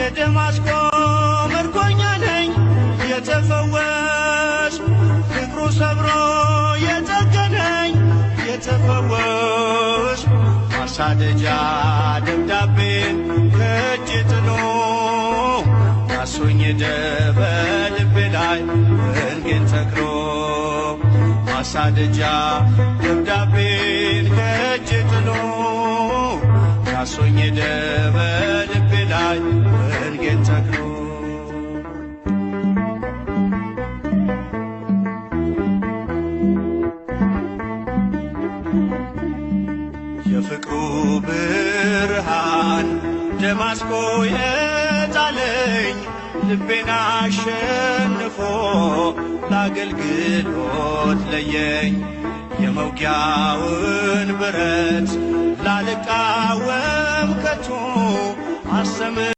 የደማስቆ ምርኮኛ ነኝ የተፈወስኩ ፍቅሩ ሰብሮ የጠገነኝ የተፈወስኩ ማሳደጃ ደብዳቤ ከእጅ ጥሎ ራሱኝ ደበልቤ ላይ ወንጌል ተክሎ ማሳደጃ ደብዳቤን ከእጅ ጥሎ ራሱኝ ደበልቤ ላይ በፍቅሩ ብርሃን ደማስቆ የጣለኝ ልቤን አሸንፎ ለአገልግሎት ለየኝ። የመውጊያውን ብረት ላልቃወም ከቶ አሰም